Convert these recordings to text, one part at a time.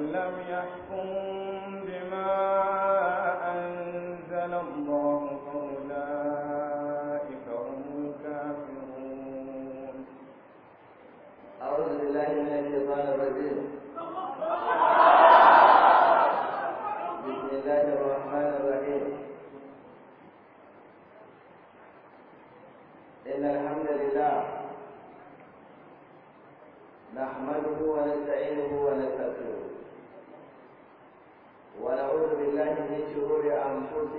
لم يحكم بما أنزل الله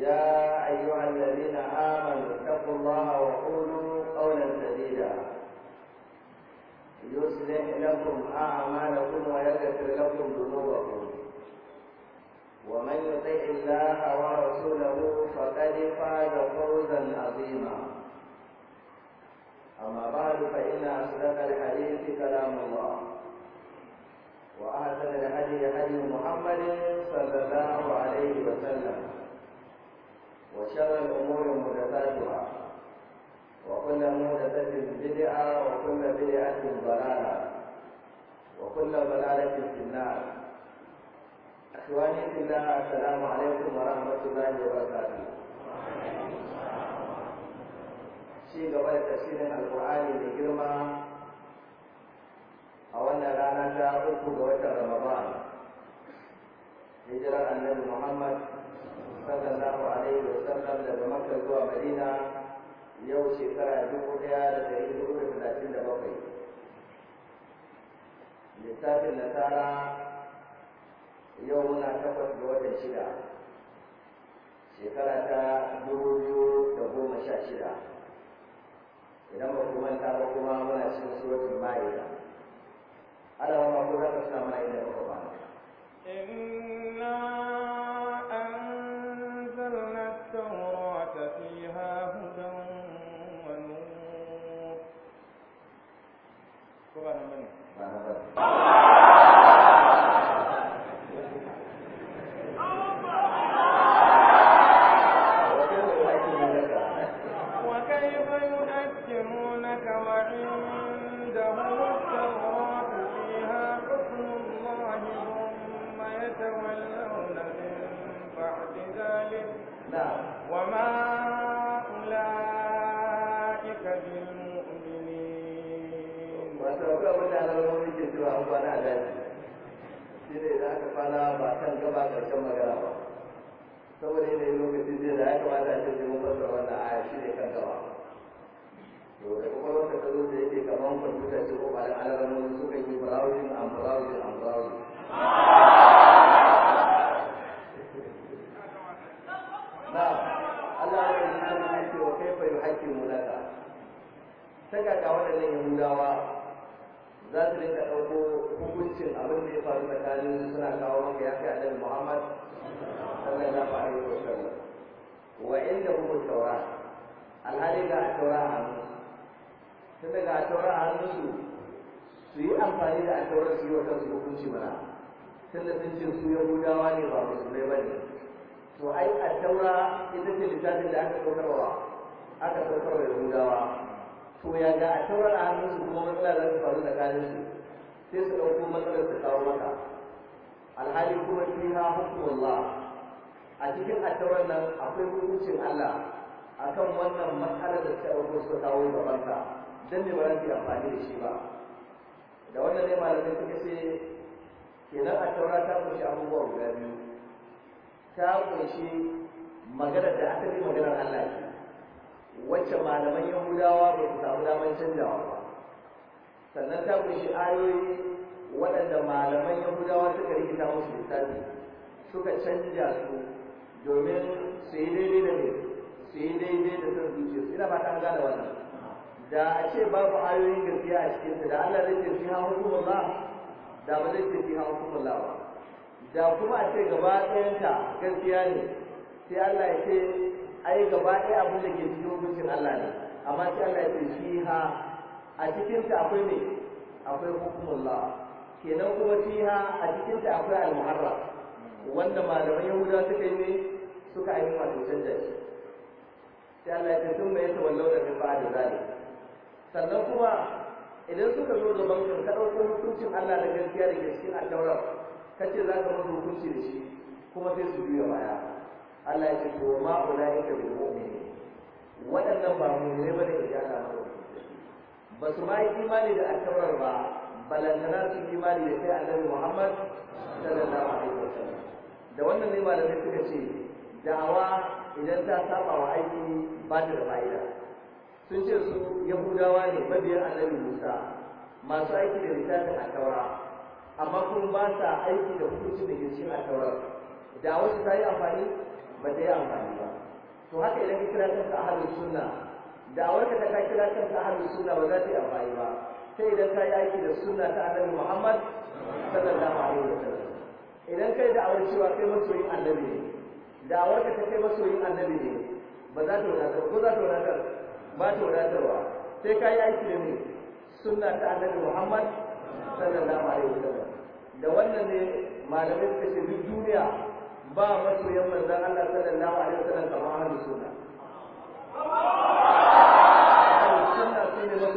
يا أيها الذين آمنوا اتقوا الله وقولوا قولا سديدا يصلح لكم أعمالكم ويغفر لكم ذنوبكم ومن يطع الله ورسوله فقد فاز فوزا عظيما أما بعد فإن أصدق الحديث كلام الله وأحسن الهدي هدي محمد صلى الله عليه وسلم وشر الأمور محدثاتها وكل محدثة بدعة وكل بدعة ضلالة وكل ضلالة في النار إخواني في الله السلام عليكم ورحمة الله وبركاته ci gaba da tafsirin alkur'ani da girma a wannan rana ta uku ga watan ramadan hijirar annabi muhammad sallallahu alaihi wa sallam daga Makka zuwa Madina yau shekara dubu ɗaya da ɗari hudu da talatin da bakwai. Lissafin nasara yau muna takwas ga watan shida shekara ta dubu biyu da goma sha shida idan ba ku manta ba kuma muna cikin suratul ma'ida Allah ma ku raka sama inda ba ba inna يتولون من بعد ذلك وما أولئك بالمؤمنين وتوقعون ذلك shine da aka kwana ba kan gaba karshen magana ba saboda lokacin da ya kamata a cikin mun wannan aya kan gaba to da ta zo da yake kamar kwamfuta ce ko ba da alamomi suka yi na'am Allah ya yi kuma ya ce wa kaifa yuhaqqimu laka ta kaka waɗannan yahudawa za su rinka ɗauko hukuncin abin da ya faru tsakanin suna kawo maka ya kai annabi Muhammad sallallahu alaihi wa sallam wa inda kuma taura alhali ga taura a hannu tun daga taura a hannunsu su yi amfani da a taura su yi wa kansu hukunci mana da, sun ce su yahudawa ne ba musulmai ba ne to ai a taura ita ce littafin da aka saukarwa aka saukarwa yahudawa to ya ga a taura a hannun su kuma matsala za su faru tsakanin su sai su ɗauko matsalar su kawo maka alhali kuma fiha hukumullah a cikin a taura nan akwai hukuncin Allah akan wannan matsalar da ta ɗauko suka kawo ka, dan ne ba za su amfani da shi ba da wannan ne malamai suka ce kenan a taura ta kunshi abubuwa guda biyu ta kunshi magana da aka yi maganar Allah ce wacce malaman yahudawa ba su samu damar canjawa ba sannan ta kunshi ayoyi waɗanda malaman yahudawa suka rikita musu littafi suka canja su domin su yi daidai da ne su yi daidai da son zuciyarsu ina ba ta gane wannan da a ce babu ayoyin gaskiya a cikinsu da Allah zai ce fi kuma ba, da ba zai ce fi ha hukumullah ba da kuma a ce gaba ɗayanta gaskiya ne sai Allah ya ce ai gaba ɗaya abin da ke cikin hukuncin Allah ne amma sai Allah ya ce shi ha a ta akwai ne akwai hukumullah kenan kuma ha a cikin ta akwai al muharra wanda malaman yahuda suka yi ne suka yi ma wato canja shi sai Allah ya ce sun mai ta wallau da ba da zali sannan kuma idan suka zo da bankin ka dauko hukuncin Allah da gaskiya da ke cikin al kace za ka mutu hukunci da shi kuma sai su biyo baya Allah ya ce to ma ka bil mu'minin waɗannan ba mu ne bane da ya Allah mutu ba su mai imani da alkawar ba balantana su imani da sai annabi Muhammad sallallahu alaihi wasallam da wannan ne malamai suka ce da'awa idan ta saba wa aiki ba da fa'ida sun ce su yahudawa ne babiyar annabi Musa masu aiki da littafin alkawara amma kun ba sa aiki da hukunci da ke cin alƙawar da wasu ta yi amfani ba ta yi amfani ba to haka idan ka kira kanka ahlus sunna da warka ta ka kira kanka ahlus sunna ba za ta yi amfani ba sai idan ka yi aiki da sunna ta annabi Muhammad sallallahu alaihi sallam idan kai da awar cewa kai masoyin annabi ne da warka ta kai masoyin annabi ne ba za ta wadatar ko za ta wadatar ba ta wadatarwa sai ka yi aiki da ne sunna ta annabi Muhammad sallallahu alaihi sallam da wannan ne malamin suka ke duniya ba masoyan manzon Allah sallallahu alaihi wasallam kamar ahlus sunna ahlus sunna sun ne Allah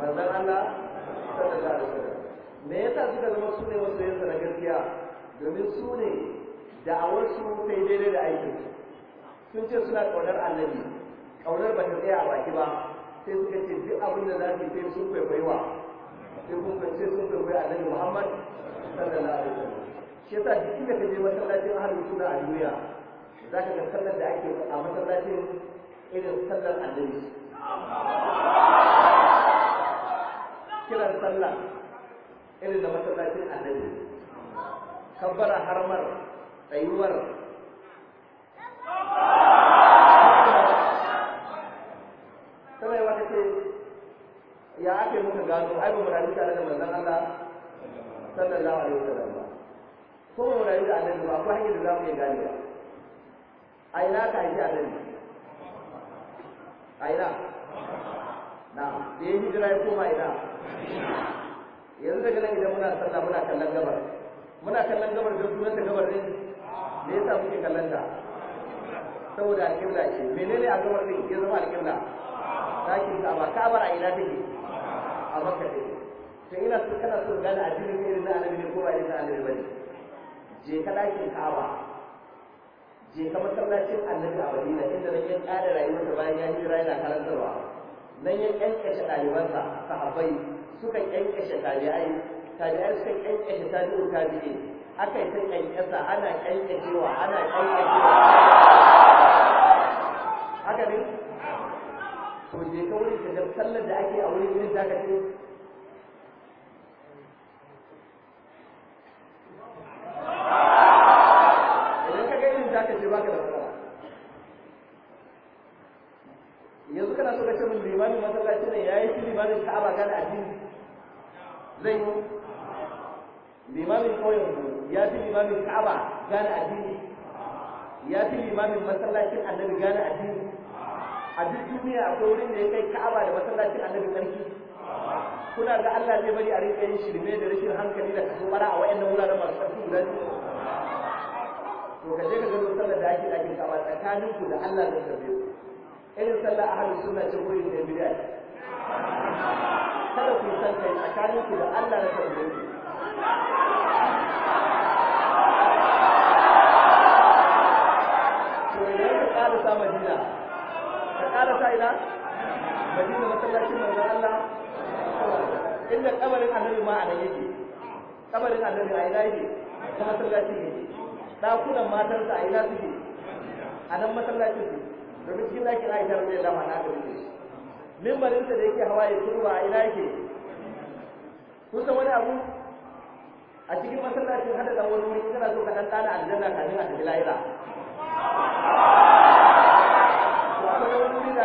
sallallahu alaihi wasallam me yasa suka zama su na gaskiya domin su ne su daidai da aikin sun ce suna kaunar annabi kaunar ba ta tsaya a baki ba sai suka ce duk abin da za su yi sun kwaikwaiwa sai kun kance sun a annabi Muhammad sallallahu alaihi wasallam shi yasa duk inda ka je masallacin ahlul sunna a duniya za ka ga sallar da ake a masallacin irin sallar annabi kiran sallar irin da masallacin annabi kabbara harmar tsayuwar sanarwa ta ce ya ake muka gano ai ba mu rayu tare da manzon Allah sallallahu alaihi wasallam ba ko ba mu rayu da annabi ba akwai hanyar da za mu yi gane ba a ina ka yi annabi a ina na da ya hijira ko koma ina yanzu daga nan idan muna sallah muna kallon gabar muna kallon gabar don sunanta gabar ne me yasa muke kallon ta saboda alƙibla ce menene a gabar din ya zama alƙibla ɗakin ka ka'abar a ina take a maka ne tun ina so kana so gane addinin irin na annabi ne ko ba irin na ba ne. je ka dakin ka'aba je ka masallacin annabi a madina inda nan ya ƙara rayuwarsa bayan ya hira yana karantarwa nan ya ƙyanƙyashe ɗalibansa sahabbai suka ƙyanƙyashe tabi'ai tabi'ai suka ƙyanƙyashe tabi'u tabi'i aka yi ta ƙyanƙyasa ana ƙyanƙyashewa ana ƙyanƙyashewa haka ne waje ka wurin ka ga sallar da ake a wurin irin zaka ce idan ka ga irin zaka ce baka da matsala yanzu kana so ka ce min limamin masallaci ne yayi shi limamin ka'aba gane addini zai yi limamin kauyen ya fi limamin ka'aba gane addini ya fi limamin masallacin annabi gane addini a duk duniya akwai wurin da ya kai ka'aba da masallacin annabi sarki kuna ga Allah zai bari a rinka yin shirme da rashin hankali da kaso bara a wayannan wuraren masu sarki guda biyu to ka je ka ga sallar da ake ɗakin ka'aba tsakanin ku da Allah zai zarge ku irin sallar ahlus sunna ce wurin da bid'a kada ku san kai tsakanin ku da Allah na zarge ku to idan ƙara sa Madina sa ina, فقال سائلا مدينة مسلاتي من الله إن قبر النبي ما على يجي قبر النبي على يجي كما مسلاتي يجي ɗakunan matarsa a ina suke a nan masallacin su domin cikin ɗakin aisha rabbi ya dama na da wuce mimbarinsa da yake hawa ya turba a ina yake kun san wani abu a cikin masallacin hada da wani wuri kana so ka dan tsara aljanna kafin a tafi lahira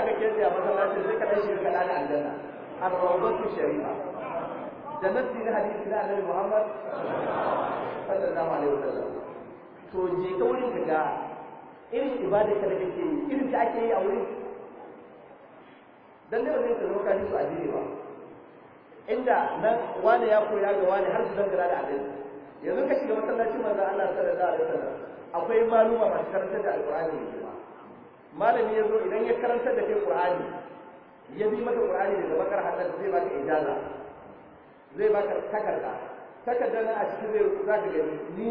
ka kirje a masallacin sai ka dan shirka da aljanna ar-rawdatu shari'a jannati na hadisi da annabi Muhammad sallallahu alaihi wasallam to je ka wurin ka ga irin ibada ka da kake yi irin da ake yi a wurin dan ne ba zai zama su ajiye ba inda nan wani ya koya ga wani har su dangara da abin yanzu ka shiga masallacin manzon Allah sallallahu alaihi wasallam akwai maluma masu karanta da alqur'ani malami ya zo idan ya karanta da kai qur'ani ya bi maka qur'ani daga bakar hadar zai baka ijaza zai baka takarda takarda na a cikin zai za ka gani ni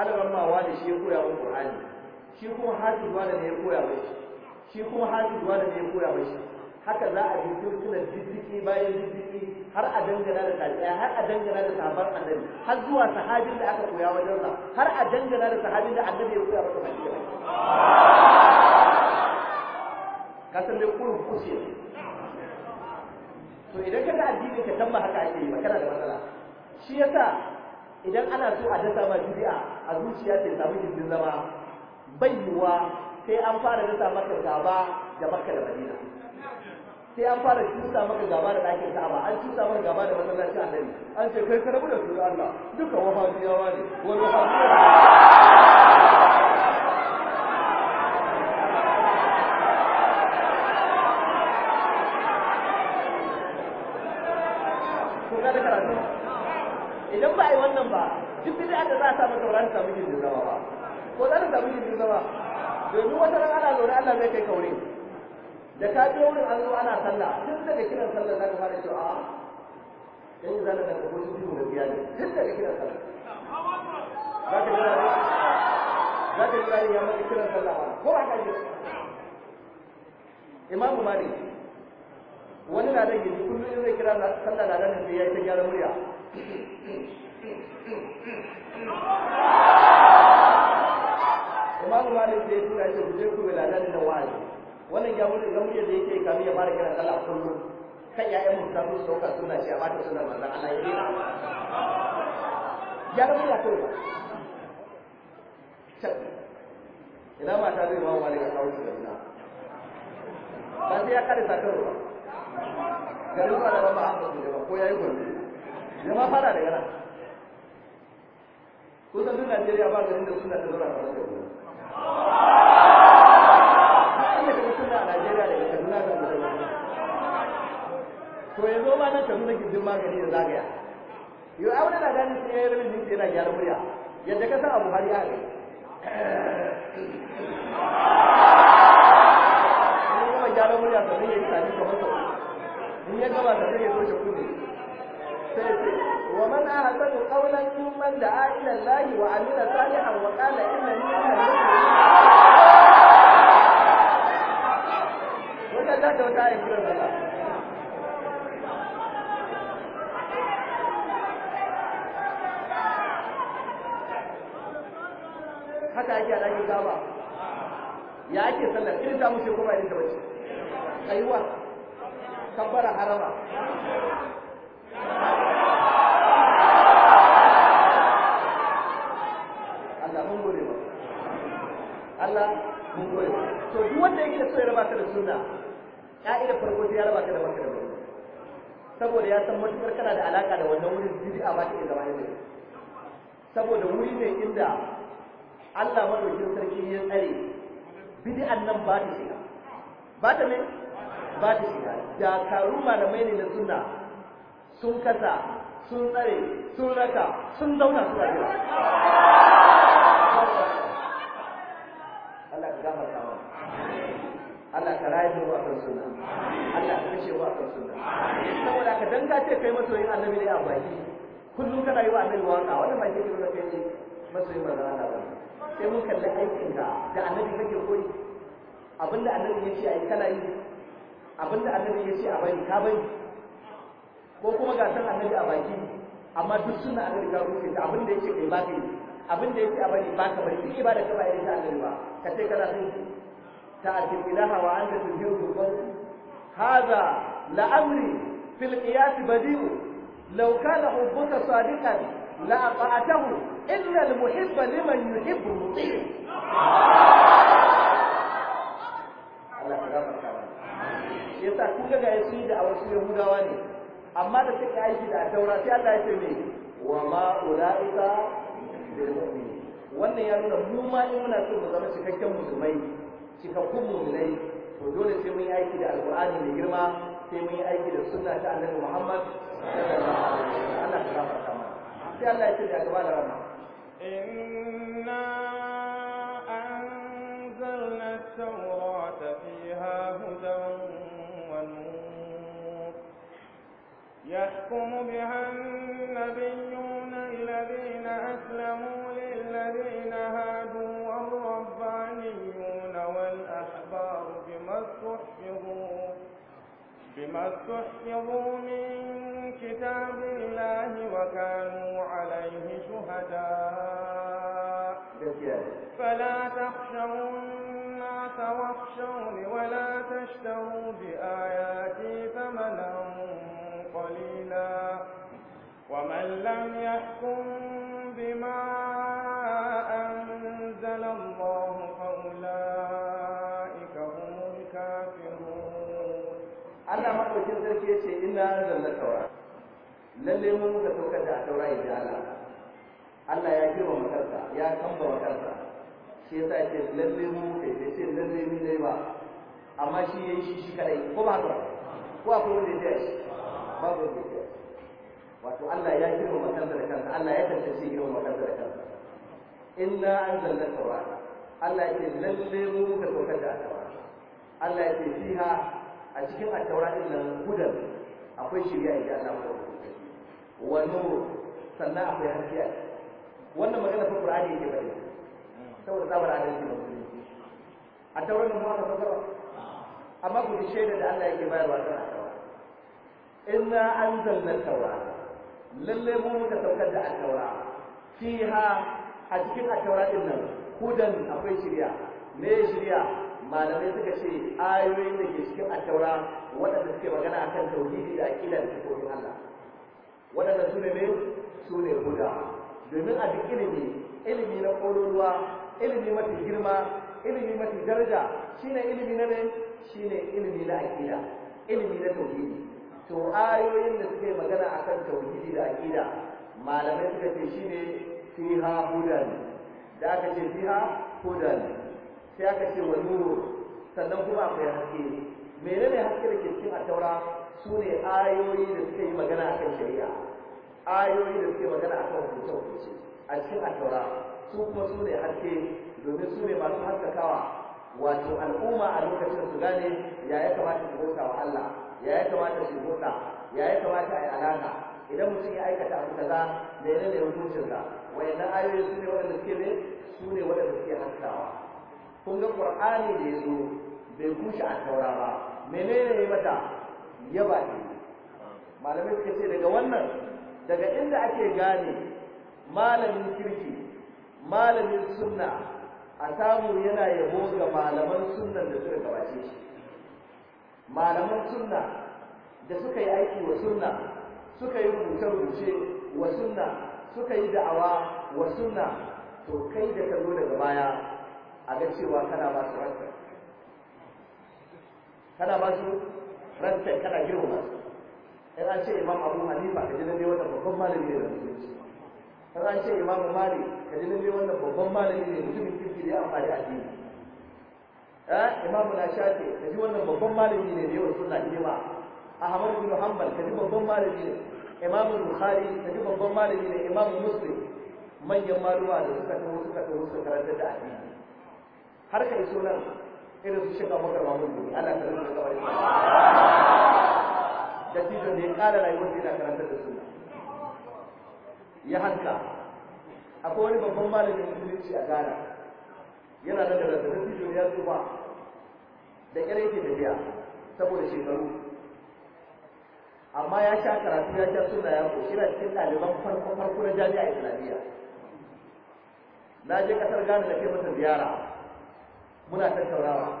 alaman mawa da shi ya koya min qur'ani shi kuma hafizuwa da ne ya koya min shi shi kuma hafizuwa da ne ya koya min shi haka za a bi suna diddiki bayan diddiki har a dangana da tabi'a har a dangana da sabon annabi har zuwa sahabin da aka koya wajensa har a dangana da sahabin da annabi ya koya masa baki da baki ka san dai kurun kuce to idan ka ga addini ka tamba haka ake yi ba kana da matsala shi yasa idan ana so a dasa ma bid'a a zuciya ta samu gindin zama bayyuwa sai an fara dasa maka gaba da Makka da Madina sai an fara cusa maka gaba da ɗakin Ka'aba an cusa maka gaba da masallacin Annabi an ce kai ka rabu da sunan Allah duka wahabiyawa ne wani wahabiyawa ta karatu idan ba a yi wannan ba duk bid'a da za a samu saurari samu jirgin zama ba ko za ta samu jirgin zama domin wata ran ana zaune Allah zai kai kaure da ka biyo wurin an zo ana sallah tun daga kiran sallah za ka fara cewa a yanzu za ka daga wajen da biya ne tun daga kiran sallah za ka jira za ka yi ya mata kiran sallah ko ba ka jira imamu malik wani na nan yanzu kullum zai kira sallah na nan sai ya yi ta gyara murya imamu malik sai tura shi ku je ku ga ladan da wani wannan ya mutu da murya da yake kami ya fara kiran sallah kullum kan ya'yan mu ta musu sauka suna shi a bata suna manzon Allah ya rena gyara murya ya ba ina mata zai ba wani ga kawo shi da ina ba sai ya kada sakar garin kwada ba ba a ba ko ya yi gwanzu ya ma fara da yana kusan duk najeriya ba garin da suna ta zaura kamar da wani to ya zo ba na tafi na gindin magani da zagaya yau a wani na gani sai ya yi rabin jinki yana gyara murya yadda ka san abu har ya ne kuma gyara murya sannan ya yi sami in ya gaba da zai toshe kunne sai ce wa man ahsanu qawlan mimman da'a ila Allah wa amila salihan wa qala innani minal wannan da wata ayi kira da haka ake a ɗakin kaba ya ake sallar irin ta mushe kuma irin ta bace tsayuwa kabbara harama Allah mun gode ba Allah mun gode to duk wanda yake so ya raba da sunna ka'ida farko sai ya raba da wanda da saboda ya san matukar kana da alaka da wannan wurin bid'a ba ta zama ne saboda wuri ne inda Allah madaukin sarki ya tsare bid'an nan ba ta shiga ba ta ne ba ta shiga dakaru malamai ne na sunna sun kasa sun tsare sun raka sun zauna su jira Allah ka gama kawo. Allah ka rayu da wa kan sunna Allah ka kashe wa kan sunna saboda ka danga ce kai masoyin annabi ne a baki kullum kana yi wa annabi waka wannan baki ne da kai masoyin manzon Allah ba sai mun kalli aikin da da annabi kake koyi abinda annabi ya ce ai kana yi abinda annabi ya ce a bari ka bari ko kuma ga san annabi a baki amma duk suna annabi ka rufe ta abinda ya ce kai ba kai abinda ya ce a bari ba ka bari duk ibada ka ba irin ta annabi ba ka ce kana son ta addin ilaha wa anta tujiru dubban hada la amri fil qiyas badiu law kana hubbuka sadiqan la ata'atahu illa al muhibba liman yuhibbu muti Allah ya yasa kun ga gaya sun yi da awar su yahudawa ne amma da suka aiki da taura sai Allah ya ce me wa ma ulaika wannan ya nuna mu ma in muna so mu zama cikakken musulmai cikakkun mu'minai to dole sai mun yi aiki da alqur'ani mai girma sai mun yi aiki da sunna ta annabi Muhammad sallallahu alaihi wasallam Allah ya gafarta mana sai Allah ya ce da gaba da rana inna يحكم بها النبيون الذين أسلموا للذين هادوا والربانيون والأحبار بما استحفظوا بما استحفظوا من كتاب الله وكانوا عليه شهداء فلا تخشوا الناس واخشوني ولا تشتروا بآياتي ثمنا ومن لم يحكم بما أنزل الله فأولئك هم الكافرون أنا ما كنت تركي شيء أنزل التوراة lalle mun muka da taura ya Allah Allah ya girma makarsa ya kamba makarsa shi yasa yake lalle mun muka ce lalle mun dai ba amma shi yayi shi shi ko ba ko akwai wanda shi wato Allah ya girma makanta da kansa Allah ya tantance girma makanta da kansa inna anzalna tawrata Allah ya lalle mu ka saukar da tawrata Allah ya fiha a cikin at din nan gudan. akwai shirya inda Allah ya wa nur sannan akwai haske wannan magana fa Qur'ani yake bane saboda zabar adalci ne a tauran mu aka saukar amma ku ji shaida da Allah yake bayarwa tana inna anzalna tawrata lalle mu muka saukar da alƙawara. taura fiha a cikin alƙawara taura din nan hudan akwai shirya me shirya malamai suka ce ayoyin da ke cikin alƙawara, waɗanda suke magana akan tauhidi da aqida da sifofin Allah waɗanda su ne su ne huda domin a duk ilimi ilimi na ƙololuwa ilimi mafi girma ilimi mafi daraja shine ilimi na ne shine ilimi na aqida ilimi na tauhidi to ayoyin da suke magana akan tauhidi da aqida malamai suka ce shine fiha hudan da aka ce fiha hudan sai aka ce wa nuru sannan kuma akwai haske menene haske da ke cikin at-taura sune ayoyi da suke yi magana akan shari'a ayoyi da suke magana akan hukunce a cikin at-taura su kuma su ne haske domin su ne masu haskakawa wato al'umma a lokacin su gane ya ya kamata su bauta wa Allah ya yi kamata su hulɗa ya yi kamata a yi alaka idan mutum ya aikata abu kaza ya ne hukuncinsa wayannan ayoyi su ne waɗanda suke ne su ne waɗanda suke haskawa kun ga qur'ani da ya zo bai kushe a taura ba menene ya mata ya ba malamai suka ce daga wannan daga inda ake gane malamin kirki malamin sunna a samu yana yabo ga malaman sunnan da suka gabace shi malaman sunna da suka yi aiki wa sunna suka yi rubuce-rubuce wa sunna suka yi da'awa wa sunna to kai da ka zo daga baya a ga cewa kana ba su ranta kana ba su ranta kana girma su an ce imam abu halifa ka jinin lalle wannan babban malami ne da Ka in ce imam malik ka jinin lalle wannan babban malami ne mutumin kirki da ya amfani addini eh imamu na shafi kaji wannan babban malami ne da yawan sunna hidima ahmad bin hanbal kaji babban malami ne imamu bukhari kaji babban malami ne imamu muslim manyan maluma da suka taho suka taho suka karanta da addini har kai so nan irin su shiga bakar mamun ne ana karanta da kabarin da tijo ne kara rayuwar da karanta da sunna ya hanka akwai wani babban malamin musulunci a Ghana yana nan da rasa fijo ya tsufa da kyar yake tafiya saboda shekaru amma ya sha karatu ya sha suna ya ko na cikin ɗaliban farko farko na jami'a islamiyya na je ƙasar ghana da kai mata ziyara muna tattaunawa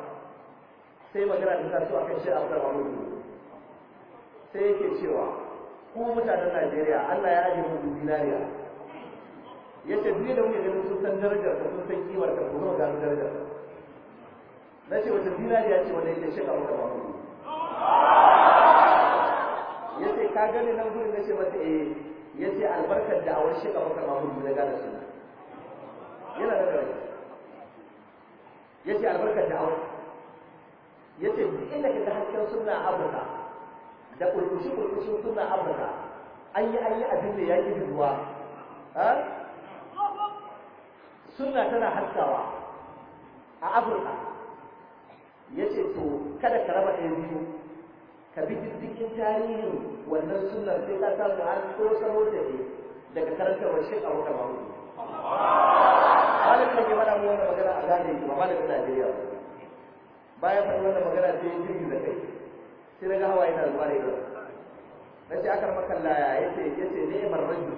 sai magana da ta so a kan shi a mu wani sai yake cewa ko mutanen najeriya allah ya ajiye mu dinariya yace duk da muke ganin sun san darajar ka sun san kimar ka kuma ga darajar ka na ce wata zinariya ce wanda yake shaka maka ba ya ce ka gani nan gurin na ce mata eh ya ce albarkar da awar shaka maka ba da na gane su yana da gari ya ce albarkar da awar ya ce duk inda ka ga hasken suna abuka da kulkushi kulkushin suna abuka an yi an yi abin da ya ki dubuwa suna tana haskawa a afirka ya ce to kada ka raba ɗaya biyu ka bi diddigin tarihin wannan sunan sai ka samu an tsosano da ne daga karantar shi a wata mahu malamin da ke mana mu wannan magana a zane ba malamin najeriya bayan faɗi wannan magana sai ya jirgi da kai sai na ga hawaye na zuwa yau na ce akar makalla ya ce ya ce ni'imar rajul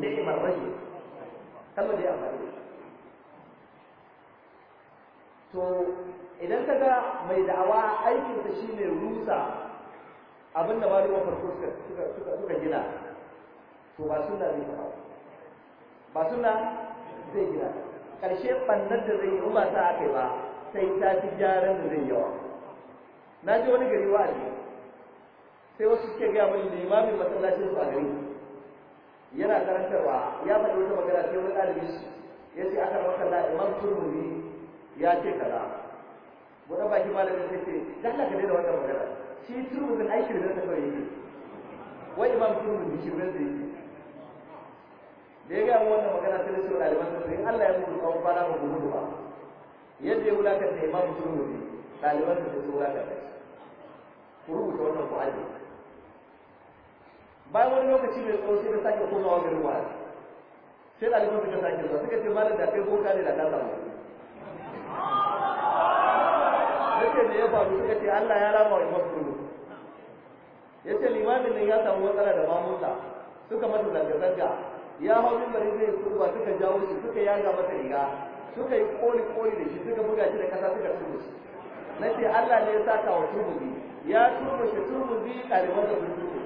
ne marar rajul kalmar da ya amfani da shi to idan ka ga mai da'awa aikinsa shi ne rusa abin da malaman farko suka gina to ba suna zai ba ba suna zai gina ƙarshe ɓannar da zai yi ba ta aka yi ba sai ta fi gyaran da zai yawa na ji wani gari wa'azi sai wasu suke gaya mani da masallacin su a gari yana karantarwa ya faɗi wata magana sai wani ɗalibi ya ce aka karɓar kalla imam turmuri ya ce kaza Wata baki ma da ta ce ta Allah ka daina wannan magana shi turmurin ai shirme ta kawai yake wai imam shi shirme ta yake da ya gaya mu wannan magana sai da su ɗaliban sa sai Allah ya mutu kawai kwana ba ku gudu ba yadda ya wulakanta imam turmuri ɗaliban sa sai su wulakanta ku rubuta wannan ku ajiye bayan wani lokaci mai tsawo sai da sake komawa garin wa sai ɗaliban suka sake zuwa suka ce ma da kai ko kare da ka samu yake da ya faru suka ce Allah ya rama wa imam ya ce limamin nan ya samu matsala da mamunsa suka mata zanga-zanga ya hau mimbari zai kurba suka jawo shi suka yaga masa riga suka yi koli-koli da shi suka buga shi da kasa suka tubu shi na ce Allah ne ya saka wa turmuzi ya turmushe turmuzi ɗalibansa sun tubu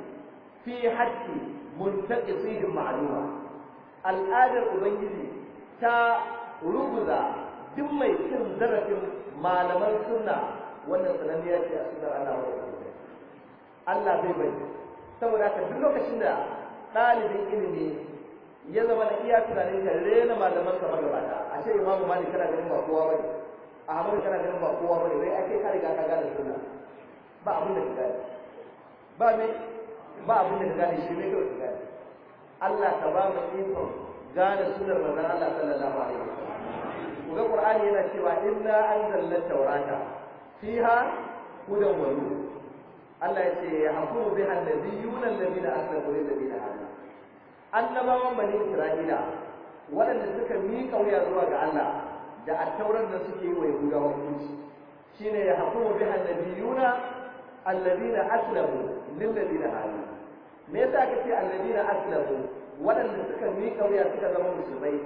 fi haƙƙi muntaƙisirin ma'aluma al'adar ubangiji ta rubuta duk mai cin zarafin malaman sunna wannan ya ce a sunan Allah wa Allah bai bai saboda ka duk lokacin da ɗalibin ilimi ya zama na iya tunanin ka rena malaman sa ta a ce mu mali kana ganin ba kowa bane ahmadu kana ganin ba kowa bane wai ake ka riga ka gane sunna ba abin da ka gane ba ne. ba abin da ka gane shi ne kawai ka gane Allah ta ba mu ikon gane sunar manzon Allah sallallahu alaihi wasallam ku ga Qur'ani yana cewa inna anzalna tawrata fiha hudan wa nur Allah ya ce ya hakumu biha annabiyuna alladhina aslamu lil ladina amanu annabawan bani Isra'ila waɗanda suka miƙa wuya zuwa ga Allah da attauran nan suke yi wa Yahudawa hukunci shine ya hakumu biha annabiyuna alladhina aslamu lil ladina amanu me yasa aka ce annabina aslamu waɗanda suka miƙa wuya suka zama musulmai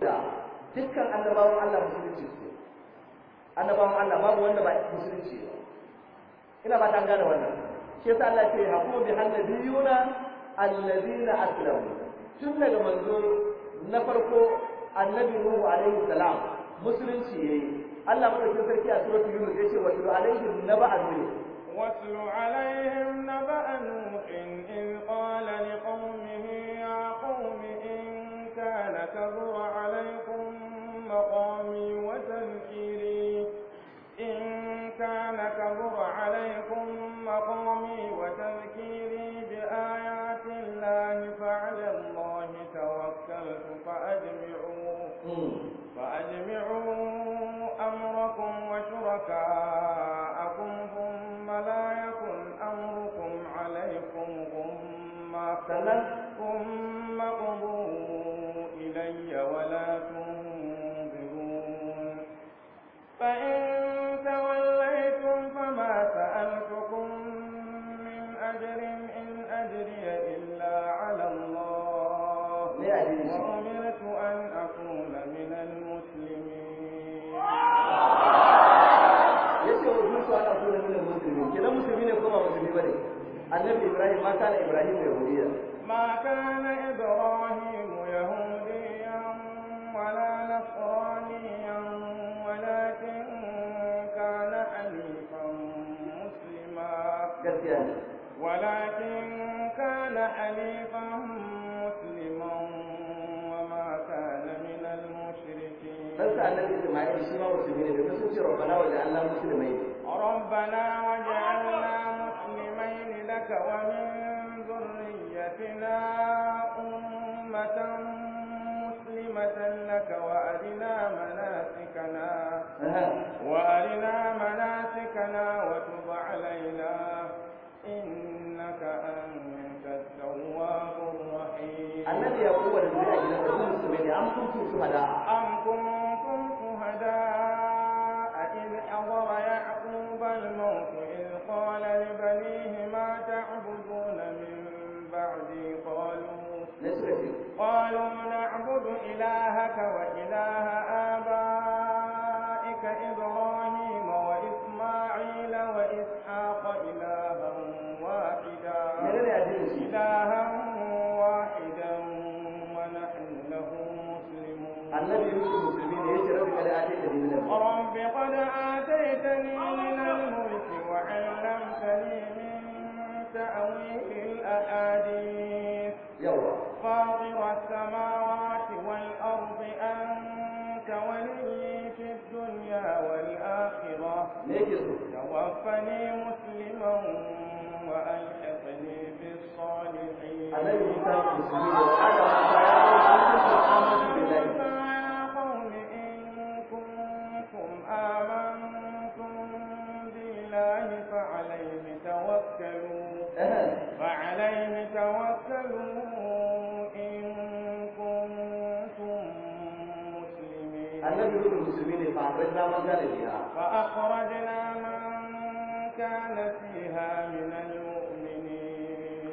da dukkan annabawan Allah musulunci su annabawan Allah babu wanda ba musulunci ba ina ba ta gane wannan shi yasa Allah ce hakuma bi hannabiyuna alladina aslamu tun daga manzo na farko annabi Nuhu alaihi salam musulunci yayi Allah madaukakin sarki a suratul Yunus yace wa tu alaihim naba'a nuh wa tu alaihim naba'a nuh wasallam النبي إبراهيم ما كان إبراهيم يهوديا ما كان إبراهيم يهوديا ولا نصرانيا ولكن كان حنيفا مسلما يعني. ولكن كان حنيفا مسلما وما كان من المشركين بس أن النبي إسماعيل سيما مسلمين بس ربنا وجعلنا مسلمين ربنا وجعلنا لك ومن ذريتنا أمة مسلمة لك وأرنا مناسكنا وأرنا مناسكنا وتب علينا إنك أنت التواب الرحيم الذي يقول لك أن تكون سبيل أم كنتم شهداء إلهك وإله آبائك إبراهيم وإسماعيل وإسحاق إلها واحدا إلها واحدا ونحن له مسلمون النبي يوسف المسلمين رب قد آتيتني من الملك وعلمتني من تأويل الأحاديث فاطر السماوات توفني مسلما وألحقني بالصالحين يا قوم إن كنتم آمنتم بالله فعليه توكلوا فعليه توكلوا النبي يقول المسلمين فأعطينا مجال الجهاد وأخرجنا من كان فيها من المؤمنين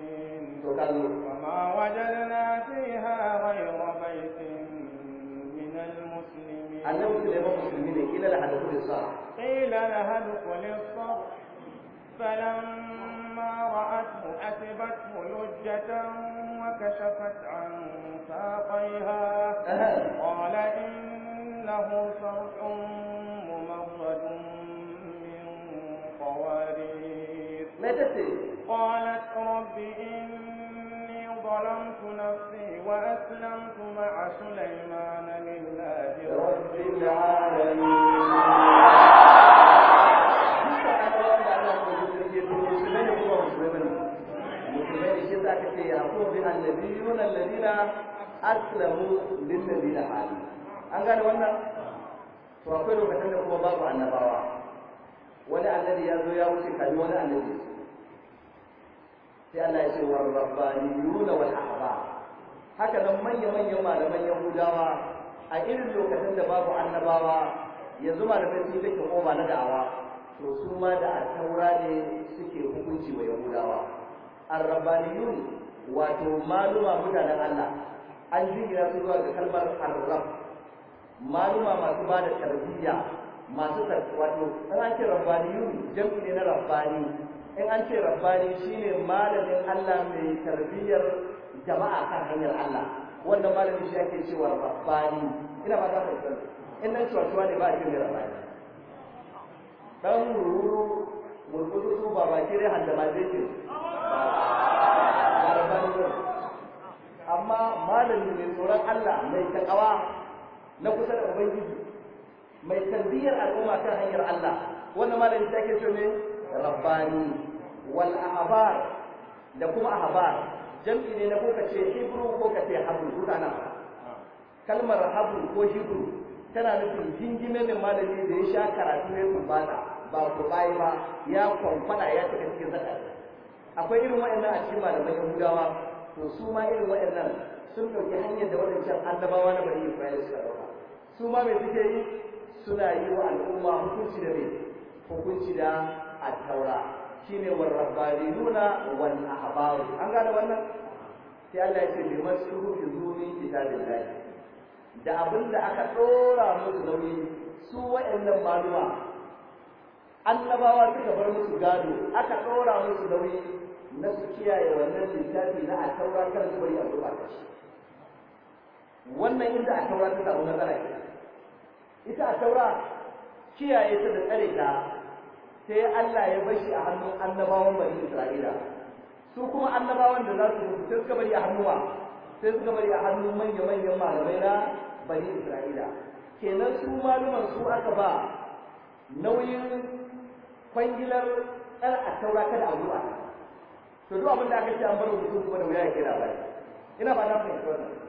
وما وجدنا فيها غير بيت من المسلمين أنه سليمان مسلمين قيل لها دخول الصرح قيل لها دخول الصرح فلما رأته أتبته لجة وكشفت عن ساقيها قال إنه صرح مخرج من قوارير قالت رب إني ظلمت نفسي وأسلمت مع سليمان لله رب العالمين يعقوب النبيون الذين أسلموا للذين حالوا أنقال والله to akwai lokacin da kuma babu annabawa wani annabi ya zo ya wuce kaji wani annabi sai Allah ya ce wa yuna wal ahba haka nan manya manyan malaman yahudawa a irin lokacin da babu annabawa yanzu malaman sun take koma na da'awa to su ma da taura ne suke hukunci wa yahudawa arrabaniyun wato maluma mutanen Allah an jingira su zuwa ga kalmar arrab maluma masu ba da tarbiyya masu wato an an ce rabbaniyun jam'i ne na rabbani in an ce rabbani shine malamin Allah mai tarbiyyar jama'a kan hanyar Allah wannan malamin shi ake cewa rabbani ina ba ta fahimta in dan cewa ne ba a ce rabbani dan ruru murkutu ba ba kire zai ce amma malamin mai tsoron Allah mai takawa na kusa da ubangiji mai tarbiyyar al'umma kan hanyar Allah wannan malami ta ke cewa rabbani wal ahbar da kuma ahbar jam'i ne na ko kace hibru ko kace habru duka nan kalmar habru ko hibru tana nufin jingime mai malami da ya sha karatu ne bada ba ku bai ba ya kwamfada ya cika cikin zakar akwai irin waɗannan a cikin malaman yahudawa to su ma irin wayannan sun ɗauki hanyar da waɗancan annabawa na bani isra'ila suka su ma mai suke yi suna yi wa al'umma hukunci da mai hukunci da attaura shine wani wal ahbaru an gane wannan sai Allah ya ce bi masuhu bi zumi kitabillahi da abin da aka tsora musu nauyi su wa'annan maluma annabawa suka bar musu gado aka tsora musu nauyi na su kiyaye wannan littafi na attaura kar su bari a gurɓata shi wannan inda taura ta samu nazara ita a taura kiyaye ta da tsare ta sai Allah ya bashi a hannun annabawan bari Isra'ila su kuma annabawan da za su rubuta sai suka bari a hannuwa sai suka bari a hannun manya manyan malamai na bari Isra'ila kenan su maluman su aka ba nauyin kwangilar tsar a taura kada a zuwa to duk abin da aka ce an bar rubutu kuma da wuya ya kira bai ina ba na fahimta wannan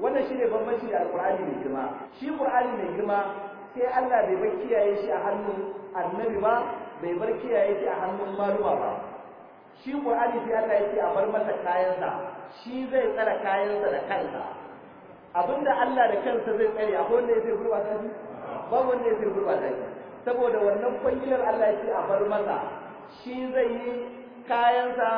wannan shine bambanci da alqur'ani mai girma shi qur'ani mai girma sai Allah bai bar kiyaye shi a hannun annabi ba bai bar kiyaye shi a hannun maluma ba shi qur'ani sai Allah yake a bar masa kayansa shi zai tsara kayansa da kansa abinda Allah da kansa zai tsare akwai wanda ya sai gurbata shi ba wanda ya sai gurbata shi saboda wannan kwangilar Allah yake a bar masa shi zai yi kayansa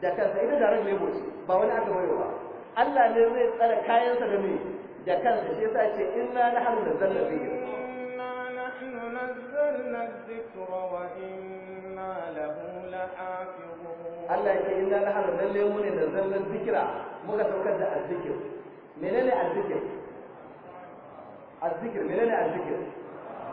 da kansa ita da ran lebo ba wani aka bayo ba Allah ne zai tsara kayansa da me da kansa shi yasa ce inna nahnu nazzalna dhikra inna nahnu nazzalna dhikra wa inna lahu lahafizun Allah ke inna nahnu lalle mu ne nazzalna dhikra muka saukar da azzikir menene azzikir azzikir menene azzikir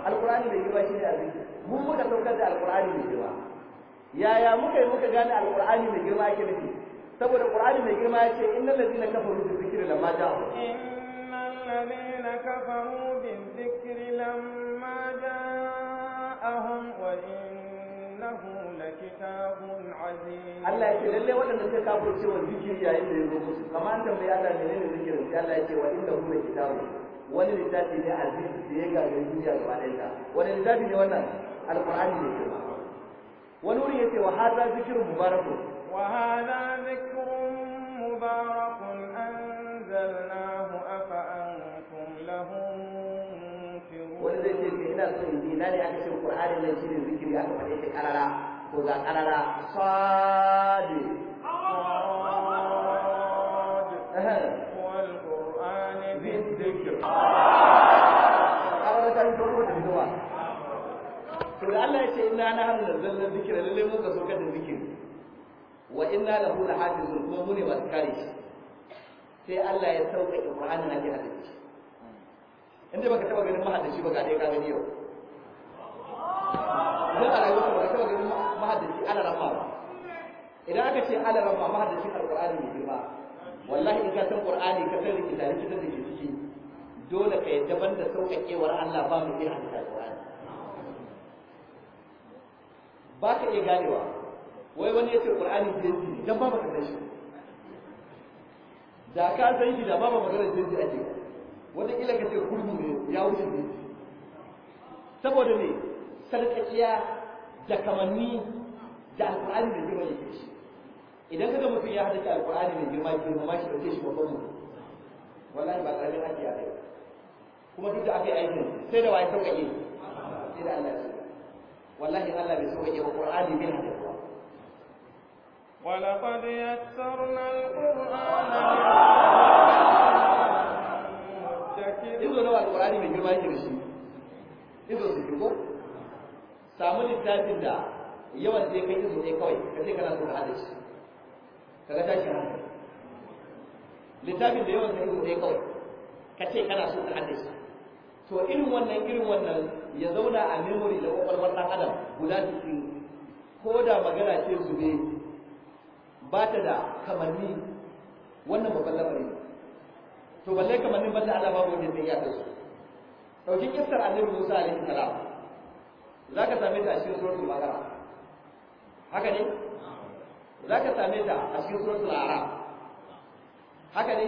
alqur'ani bai yi shi ne azzikir mun muka saukar da alqur'ani bai yi yaya muka yi muka gane alqur'ani bai girma ake nufi saboda qur'ani mai girma ya ce innal ladina kafaru bi dhikri lamma ja'u innal ladina kafaru bi dhikri lamma ja'ahum wa innahu lakitabun aziz Allah ya ce lalle waɗanda suka kafirce wa zikiri yayin da ya zo musu kamar da mai Allah ne ne zikirin sai Allah ya ce wa innahu lakitabun wani littafi ne aziz da ya ga duniya gaba ɗaya wani littafi ne wannan alqur'ani ne wani wuri yace wa hadha zikrun mubarakun wa hadha مبارك أنزلناه أفأنتم له wani zai ce mai ina so in ina ne aka ce Qur'ani nan shine zikiri aka faɗe shi karara to ga karara sadi wal Qur'ani ta Allah ya ce na nahnu nazzalna dhikra lallai mun ka so ka zikiri wa inna lahu lahafizun kuma mu ne masu kare shi sai Allah ya sauka Qur'ani na kira da inda baka taba ganin mahaddaci ba ga dai ka gani yau dan a rayuwar ka baka taba ganin mahaddaci ala rafa idan aka ce ala rafa mahaddaci alqur'ani ne girma wallahi in ka san qur'ani ka san rikita rikita da ke ciki dole ka yadda banda sauƙaƙewar Allah ba mu hadisi alqur'ani ba ka iya ganewa wai wani yace qur'ani jinsi ne dan ba mu shi da ka san shi da ba mu zai jinsi ake wata ka ce kurmi ne ya wuce jinsi saboda me sarkaciya, da kamanni da Alƙur'ani da girma yake shi idan kaga mutum ya hada Alƙur'ani da girma girma ma shi ɗauke shi babban mutum wallahi ba karamin ake a kai kuma duk da aka yi aikin sai da waye sauƙaƙe sai da Allah ya wallahi Allah bai sauƙaƙe ba Qur'ani bin hadisi ولقد يسرنا القرآن Izo nawa alƙur'ani mai girma yake da shi, izo su shigo, samu littafin da yawan zai kai izo ne kawai, ka ce kana so ka hada shi, ka ga tashi hankali. Littafin da yawan zai izo ne kawai, ka ce kana so ka hada shi. To irin wannan irin wannan ya zauna a memory da ƙwaƙwalwar ɗan adam guda cikin ko da magana ce zube ba ta da kamanni wannan babban lamari to balle kamannin da Allah babu wanda ya yaɗa su ɗauki kissar annabi Musa alaihi salam za ka same ta a cikin suratul baqara haka ne za ka same ta a cikin suratul ara haka ne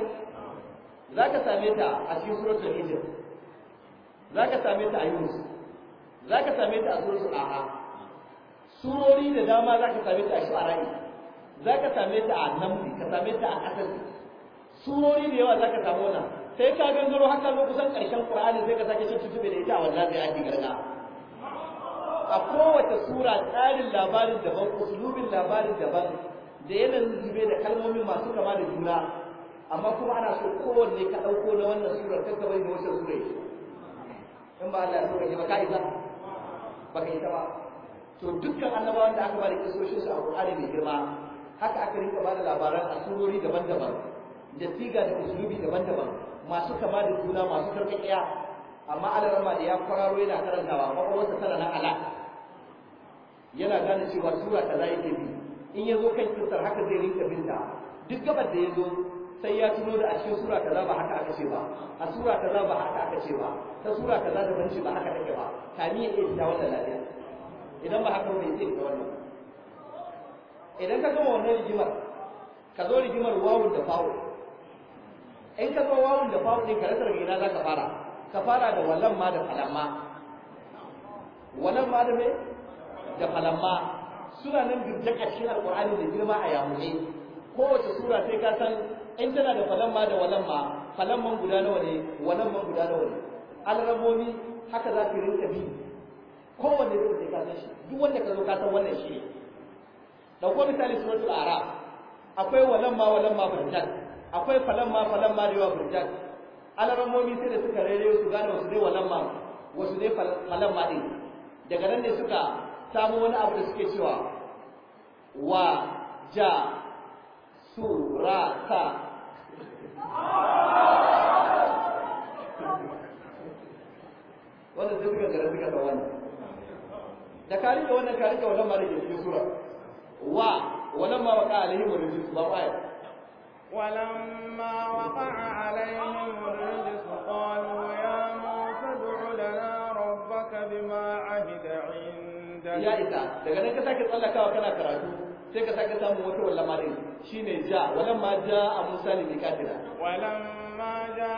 za ka same ta a cikin suratul hijr za ka same ta a yunus za ka same ta a suratul aha surori da dama za ka same ta a shu'ara'i za ka same ta a namdi ka same ta a asal surori da yawa za ka samu wannan sai ka gangaro haka zo kusan ƙarshen qur'ani sai ka sake cikin tuntube da ita wallahi zai ake garga a kowace sura tsarin labarin daban uslubin labarin daban da yanayin zube da kalmomi masu kama da juna amma kuma ana so kowanne ka ɗauko na wannan surar ta ka da wata sura in ba Allah ya so ka ba ka isa ba ka isa ba to dukkan annabawan da aka ba da kisoshin su a Qur'ani mai girma haka aka rinka ba da labaran a daban-daban da siga da usulubi daban-daban masu kama da juna masu karkakiya amma alarama da ya kwararo yana karantawa wasu tana na ala yana gane cewa sura layi ke bi in ya zo kan kisar haka zai rinka binta duk gabar da ya zo sai ya tuno da a cikin sura ta ba haka aka ce ba a sura ta ba haka aka ce ba ta sura kaza da ban ba haka take ba kami ya iya fita wannan lafiya idan ba haka ba zai ta wannan idan ka zama wannan rigimar ka zo rigimar wawun da fawo in ka zo wawun da fawo ɗin ka rasa za ka fara ka fara da wallan ma da falamma wallan ma da me da falamma suna nan birjik a cikin alƙur'ani da girma a yamuni kowace sura sai ka san in tana da falamma da ma falamman guda nawa ne man guda nawa ne alrabomi haka za ka rinka bi kowanne zai ka san shi duk wanda ka zo ka san wannan shi ne dauko misali suratul araf akwai walamma walamma burjan akwai ma falan ma yawa burjan alarammomi sai da suka rere su gane wasu dai ma wasu dai falamma din daga nan ne suka samu wani abu da suke cewa wa ja surata wannan sai suka gara suka tsawon da kari da wannan kari da wannan ma da ke cikin sura wa walamma waqa alaihim rijis ba ba walamma waqa alaihim rijis qalu ya musa ad'u lana rabbaka bima ahida inda ya ita, daga nan ka sake tsallakawa kana karatu sai ka sake samu wata wallama din shine ja walamma ja a musa ne mikatina walamma ja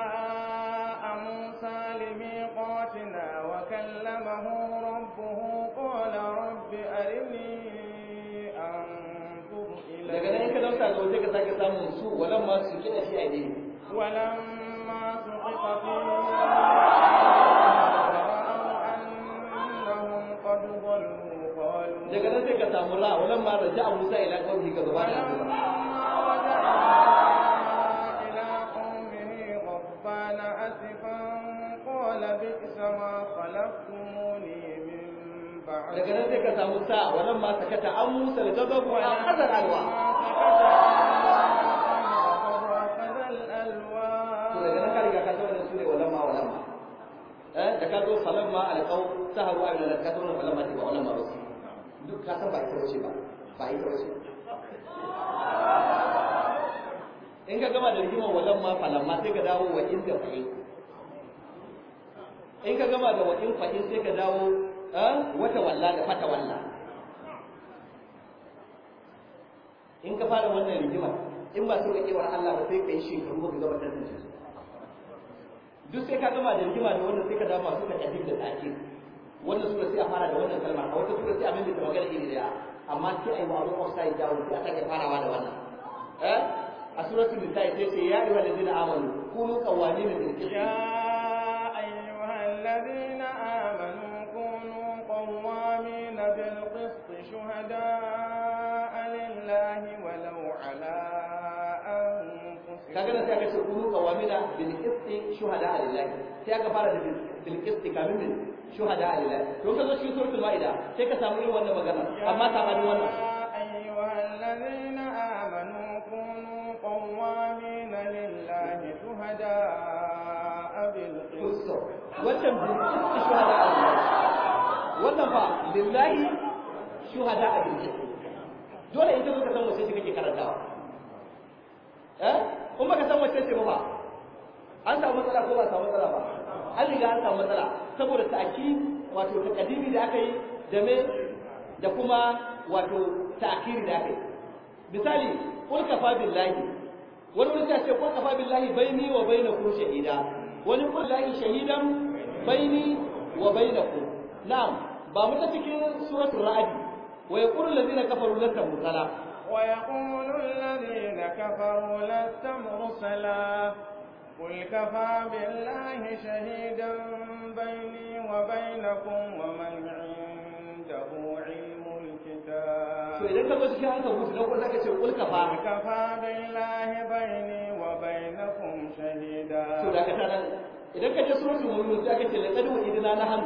ظلموا سوء ولما سكن في أيديهم ولما سقط في أنهم قد ضلوا قالوا daga nan sai ka samu ra wannan ma da ja'a Musa ila kawai ka gaba da daga nan sai ka samu sa wannan ma sakata an musa da gaba a an alwa daga nan ka riga ka su ne wannan ma wannan ma eh da ka zo falan ma alqau saharu a da ka tauna falan ma ba wannan ma ba duk ka san ba ita wace ba ba ita wace in ka gama da rigimar wajen ma ma sai ka dawo wa inda fa'in in ka gama da wa'in fa'in sai ka dawo Eh? wata walla da fata walla in ka fara wannan rigima in ba sauƙaƙe kewa Allah ba sai ka yi shekaru ba ka gaba da zance su duk sai ka gama da rigima da wannan sai ka dama ka tafi da tsaki wannan sura sai a fara da wannan kalma a wata sura sai a mai da magana iri daya amma sai a yi wa abin offside down sai a sake farawa da wannan eh a suratul nisa sai ce ya ayyuhal ladina amanu kunu qawamin bil qist ya ayyuhal ladina شهداء لله ولو على kaga sai aka ce kunu qawamida bil qisti shuhada lillahi sai aka fara da bil qisti kamin bil shuhada lillahi to kaga cikin suratul maida sai ka samu irin wannan magana amma sabani wannan ayyuhal ladina amanu kunu qawamina shuhada wannan shuhada a gindi dole in ka zo san wace ce kake karantawa eh in baka san wace ce ba an samu matsala ko ba samu matsala ba an riga an samu matsala saboda ta'kid wato taqdimi da aka yi da me da kuma wato ta'khiri da aka yi misali qul kafa billahi wani wani ta ce qul kafa billahi baini wa bainakum shahida wani qul la shahidan baini wa bainakum na'am ba mu ta cikin suratul ra'd ويقول الذين كفروا لست مرسلا ويقول الذين كفروا لست مرسلا قل كفى بالله شهيدا بيني وبينكم ومن عنده علم الكتاب to idan ka bashi haka ku da ku zaka ce kul kafa kafa billahi baini wa bainakum shahida da idan ka sai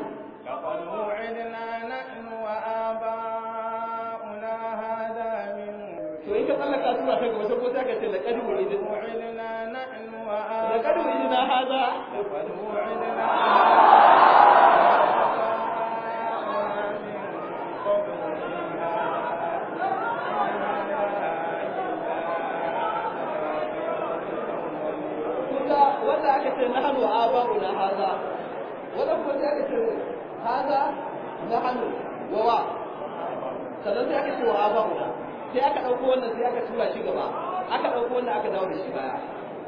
Allah suna kai gaba sai ko sai ka ce laqad wu'idna nahnu wa laqad wu'idna hadha laqad wu'idna wanda aka ce na hannu a ba'u sai aka ɗauko wannan sai aka tura shi gaba aka ɗauko wannan aka dawo da shi baya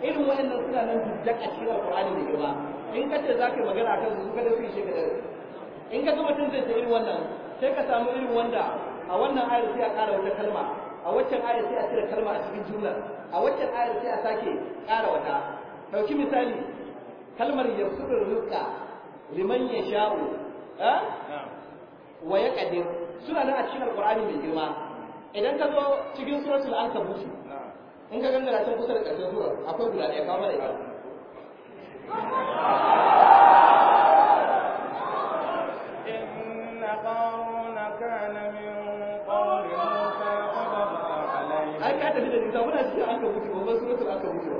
irin waɗannan suna nan duk a cikin alƙur'ani da gaba in ka ce za ka yi magana akan kan su kada su shi ka dare in ka ga mutum zai ce irin wannan sai ka samu irin wanda a wannan ayar sai a ƙara wata kalma a waccan ayar sai a cire kalma a cikin jumlar a waccan ayar sai a sake ƙara wata ɗauki misali kalmar yabsudur rizqa liman yasha'u eh wa yaqdir suna nan a cikin alƙur'ani mai girma idan ka zo cikin suratul ankabut in ka na can kusa da ƙarshen sura akwai guda ɗaya kawo da ita ai ka tafi da nisa muna cikin aka wuce babban suratul aka ba.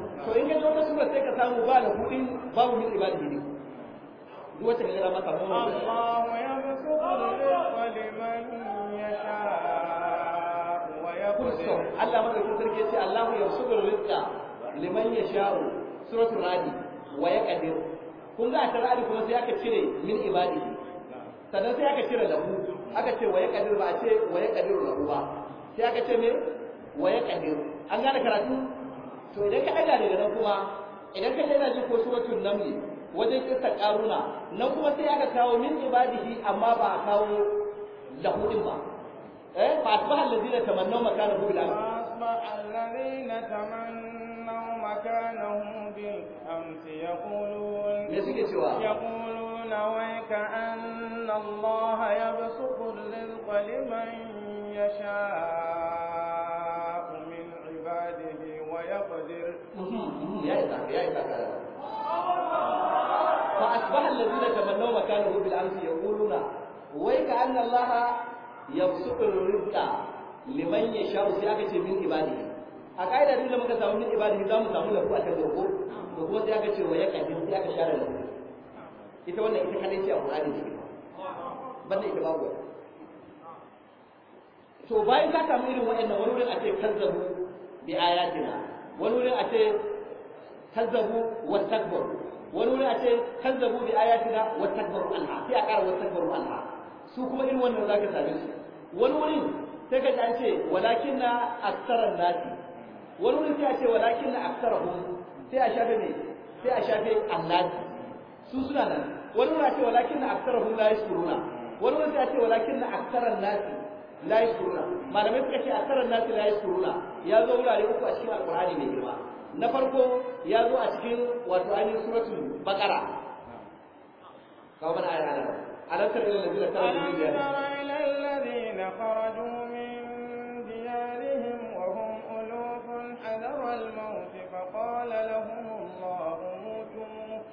to in ka ji wata sura sai ka samu ba da hudin babu min ibadihi ne duk wata ga rama ta Allahu Allah ya basuqu rizqa liman yasha wa yaqdir Allah madaukakin sarki ya ce Allah ya basuqu rizqa liman yasha suratul radi wa yaqdir kun ga ta radi kuma sai aka cire min ibadihi sannan sai aka cire lahu aka ce wa yaqdir ba a ce wa yaqdir lahu ba sai aka ce me wa yaqdir an gane karatu to idan ka daga daga nan kuma idan ka shaida ji ko nan ne wajen kissa karuna nan kuma sai aka kawo min ibadihi amma ba a kawo ba din ba eh fa asbaha alladhina tamannaw makanahu bil amr asbaha alladhina tamannaw makanahu bil amr yaqulun me suke cewa yaquluna wa ka anna allaha yabsutu rizqa liman yasha ya isa ya isa karara fa asbaha alladhina tamannaw makanahu bil amsi yaquluna wai ka anna allaha yabsutu rizqa liman yasha'u sai aka ce min ibadihi a kaida duk da muka samu min ibadihi zamu samu lafu a ta gurgo to kuma sai aka ce wa yaqadin sai share lafu ita wannan ita kadai ce a Qur'ani ce banda ita babu to bayan ka samu irin wa'annan wani wurin a ce kazzabu bi ayatina wani wurin a ce kazzabu wastakbaru wani wurin a ce kazzabu bi ayatina wastakbaru anha sai a ƙara wastakbaru anha su kuma irin wannan zaka same su wani wurin sai ka ji an ce na aktsaran nasi wani wurin sai a ce walakinna aktsarahum sai a shafe ne sai a shafe annasi su suna nan wani wurin a ce walakin walakinna aktsarahum la yashkuruna wani wurin sai a ce walakinna aktsaran nasi la yaskuruna malamai suka ce asarar nasu la yaskuruna ya zo wurare uku a cikin alqur'ani mai girma na farko ya zo a cikin wato ainihin suratul baqara kawo mana ayar ana alam tara ila allazina kharaju min diyarihim kharaju min diyarihim wa hum ulufun hadara al-maut fa qala lahum allah mutu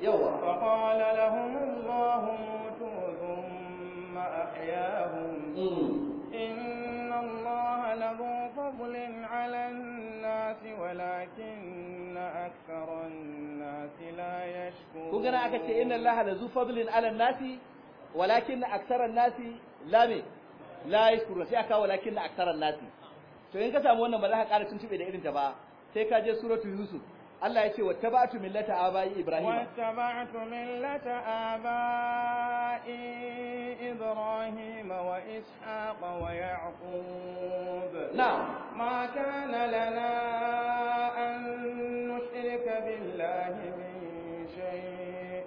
yawa fa qala lahum allah mutu thumma ahyahum mm. إن الله لذو فضل على الناس ولكن أكثر الناس لا يشكرون كنا أكدت إن الله لذو فضل على الناس ولكن أكثر الناس لا مي لا يشكرون شيء أكا ولكن أكثر الناس to in ka samu wannan ba za ka ƙara tuntube da irin ta ba Allah ya ce wa tabatu millata abai Ibrahim wa tabatu millata abai Ibrahim wa Ishaq wa Yaqub na'am ma kana lana an nushrika billahi min shay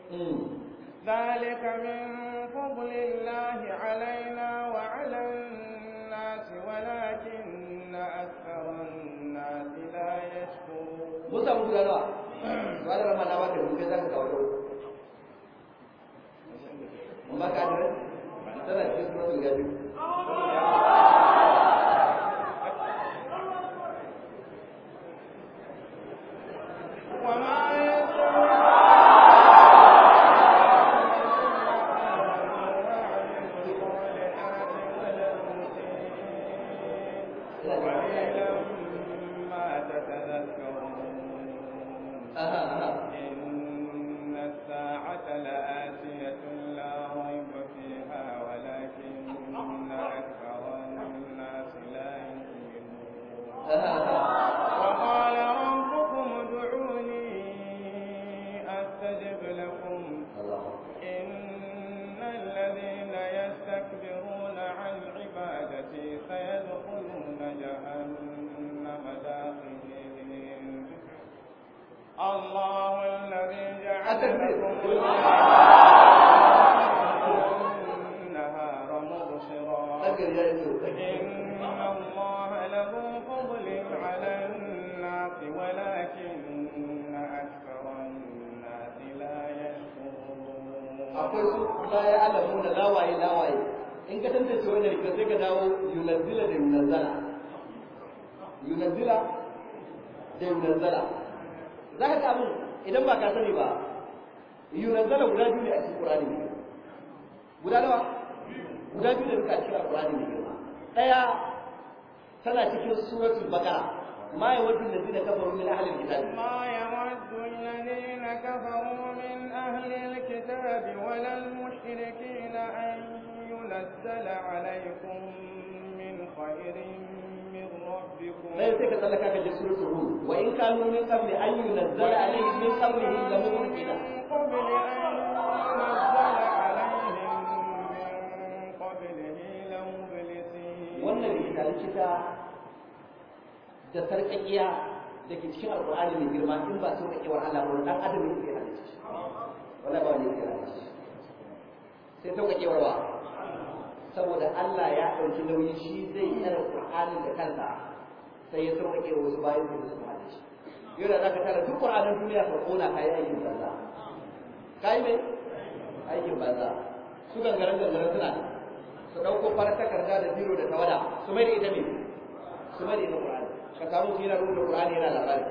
dhalika min فضل الله علينا samu guda nawa ba da rama na da rubuce za ka kawo yau mun ba ka adiran tana cikin suratul gabi abin idan ba ka sani ba yunazala guda biyu ne a cikin ƙurani ne guda nawa guda biyu ne a cikin ne ɗaya tana cikin suratul baqara ما يود الذين كفروا من أهل الكتاب ما يود الذين كفروا من أهل الكتاب ولا المشركين أن ينزل عليكم min sai sai ka tsallaka ka je suratul rum wa in kanu min qabli an yunzala alaihim min wannan da sarƙaƙiya da ke cikin alƙur'ani mai girma in ba sun ƙaƙewar Allah dan adam ne ke halicci wala ba ne ke sai sauƙaƙewar ba saboda Allah ya ɗauki nauyi shi zai yi irin Qur'anin da kansa sai ya sauƙaƙe wasu bayan da su hada shi yau da za ka tara duk Qur'anin duniya ka kona ka yi aikin banza ka yi mai aikin banza su gangaren gangaren suna da. su ɗauko farar takarda da biro da tawada su mai da ita mai su mai da ita Qur'ani ka samu su yana rubuta Qur'ani yana labari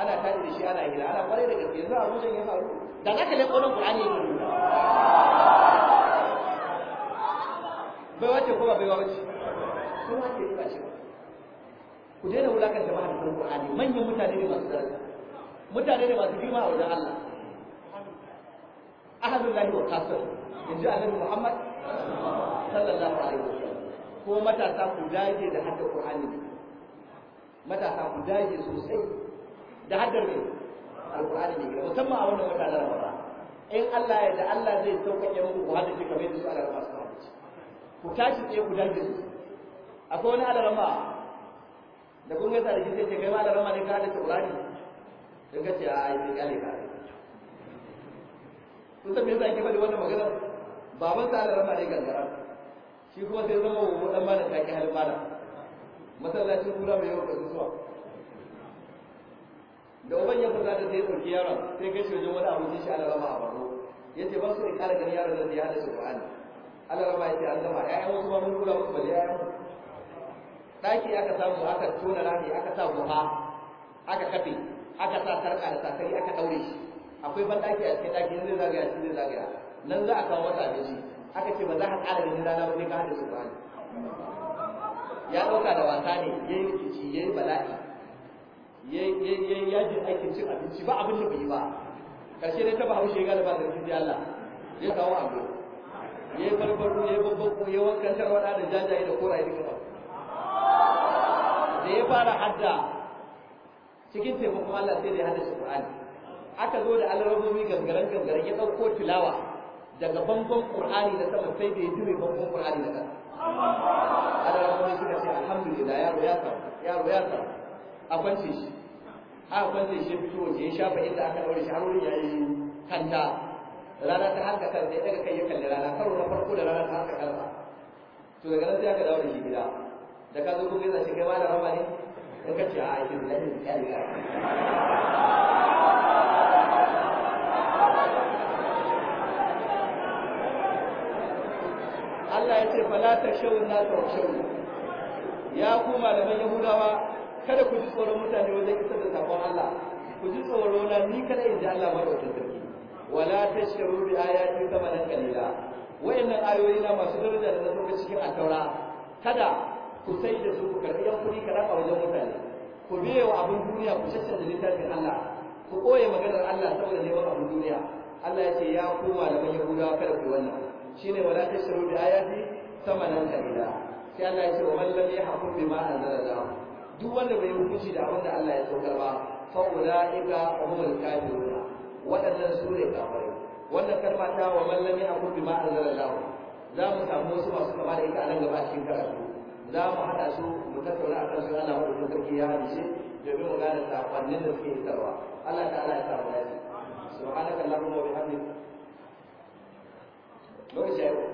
ana tashi da shi ana hira ana kwarai da gaske yanzu a rubutan ya faru da za ka leƙo nan Qur'ani ya rubuta bai wace ko ba bai wace ko wace ba ce ku daina wulakar da mahaifin Qur'ani manyan mutane ne masu daraja mutane ne masu girma a wajen Allah ahadullahi wa kasar inji annabi Muhammad sallallahu alaihi wasallam ko matasa ku dage da hadda Qur'ani matasa ku dage sosai da haddar ne alqur'ani ne girma musamman a wannan wata na Ramadan in Allah ya da Allah zai sauƙaƙe muku ku haddace kamar yadda su Allah ya fasa ku tashi tsaye ku dage su akwai wani alarama da kun ga sarki sai ce kai ma alarama ne ka hada tsaurari sai ka ce a ai sai kyale ka kun san me yasa ake faɗi wannan magana baban sa alarama ne gangara shi kuma sai zama wa dan malam ta ke halin malam masallacin kura mai yau kasu zuwa da uban ya fita da sai ɗauki yaron sai kai shi wajen wani abincin shi alarama a baro ya ce ba su ne ƙara gani yaron da ya hada shi ƙwa'ani Allah rama yace an gama ƴaƴan wasu ba mun kula musu bale ƴaƴan Ɗaki aka samu aka tona rami aka sa buha aka kafe aka sa sarƙa da sakari aka daure shi akwai ban ɗaki a cikin daki zai zagaya shi zai zagaya nan za a kawo masa abinci aka ce ba za ka ƙara ganin rana ba ne ka haɗa su ba ya ɗauka da wasa ne ya yi rikici ya yi bala'i ya yi aikin cin abinci ba abin da bai yi ba ƙarshe dai ta ba bahaushe ya gane ba da Allah ya kawo abu ya yi farfaru ya yi babban ya wankantar tarwada da jajaye da koraye duka ba da ya fara hadda cikin taimakon Allah sai da ya hada Qur'ani aka zo da alrabomi gangaren gangaren ya dauko tilawa daga bangon Qur'ani da sama sai da ya jure bangon Qur'ani da kasa alrabomi suka ce alhamdulillah yaro ya karu yaro ya karu a kwance shi a kwance shi fito waje ya shafa inda aka daure shi har wurin yi kanta rana ta harka kan ya daga kai ya kalli rana karo na farko da rana ta harka sa to daga nan sai aka dawo da shi gida da ka zo ko gaisa shi kai ma da rama ne in ka ce a aiki da lahin kyalga Allah ya ce fala ta shawun na ta shawun ya ku malaman yahudawa kada ku ji tsoron mutane wajen isar da sakon Allah ku ji tsoro na ni kada in ji Allah wata wala tashru bi ayati thamanan qalila wayannan ayoyi na masu daraja da nazo cikin at kada ku sai da su ku karbi yan kuɗi kada a wajen mutane ku biye wa abin duniya ku caccanje littafin Allah ku koye maganar Allah saboda neman abin duniya Allah ya ce ya koma da manyan gudawa kada ku wannan shine wala tashru bi ayati thamanan qalila sai Allah ya ce wa man lam yahkum bima anzalallahu duk wanda bai da abin da Allah ya saukar ba fa ulaika humul waɗannan su ne kafirai wannan kalma ta wa man a ya'kul bima anzalallahu za mu samu wasu masu kama da ita a nan gaba cikin karatu za mu haɗa su mu tattauna a kan su ana wani sarki ya hadice domin mu gane sakonnin da suke tarwa, Allah ta'ala ya samu dace subhanaka allahumma wa bihamdika lokaci ya yi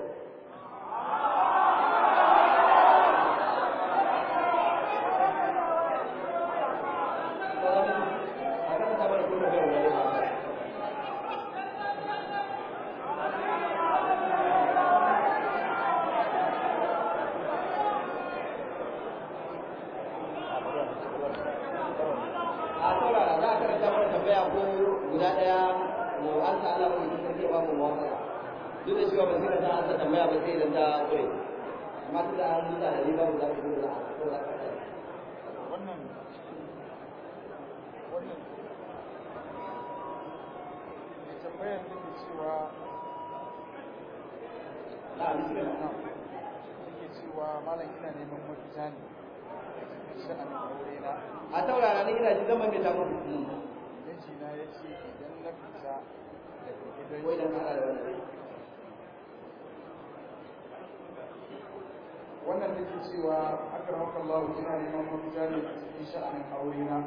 tambayar da ke cewa ke cewa malam ina neman mafita ne a sha'an aure na a taurara ne ina ji zaman da tamu hmm. yaji na ce idan na fita daga gidan wai kana da wannan da ke cewa akramaka Allah ina neman mafita ne a cikin sha'an aure na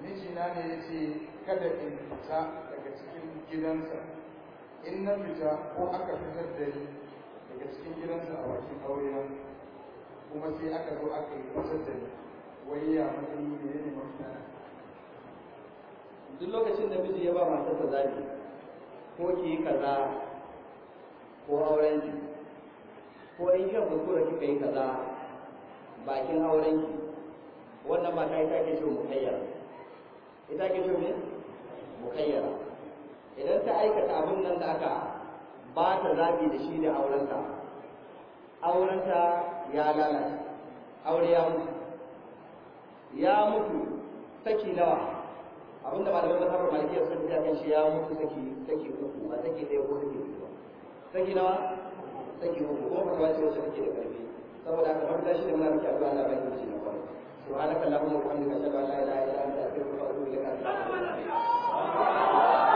mijina ne ya ce kada in fita daga cikin gidansa in na fita ko aka fitar da ni daga cikin gidansa a wajen aure kuma sai aka zo aka yi fitar da ni wai ya matsayi ne ne mafita duk lokacin da miji ya ba ta zabi ko ki yi kaza ko auren ki ko in kika kuskura kika yi kaza bakin auren ki wannan mata ita ke ce mukayyara ita ke ce ne mukayyara idan ta aikata abin nan da aka ba ta zaɓi da shi da aurenta aurenta ya lalace aure ya mutu ya mutu saki nawa abin da malamai mazhabar malikiyar sun ta kan shi ya mutu saki saki uku ba saki ɗaya ko saki biyu saki nawa saki uku ko fatawa ce wacce take da ƙarfi saboda haka farka shi da muna miki addu'a Allah bai shi na kwari subhanaka allahumma wa bihamdika ashhadu an la ilaha illa anta astaghfiruka wa atubu ilaik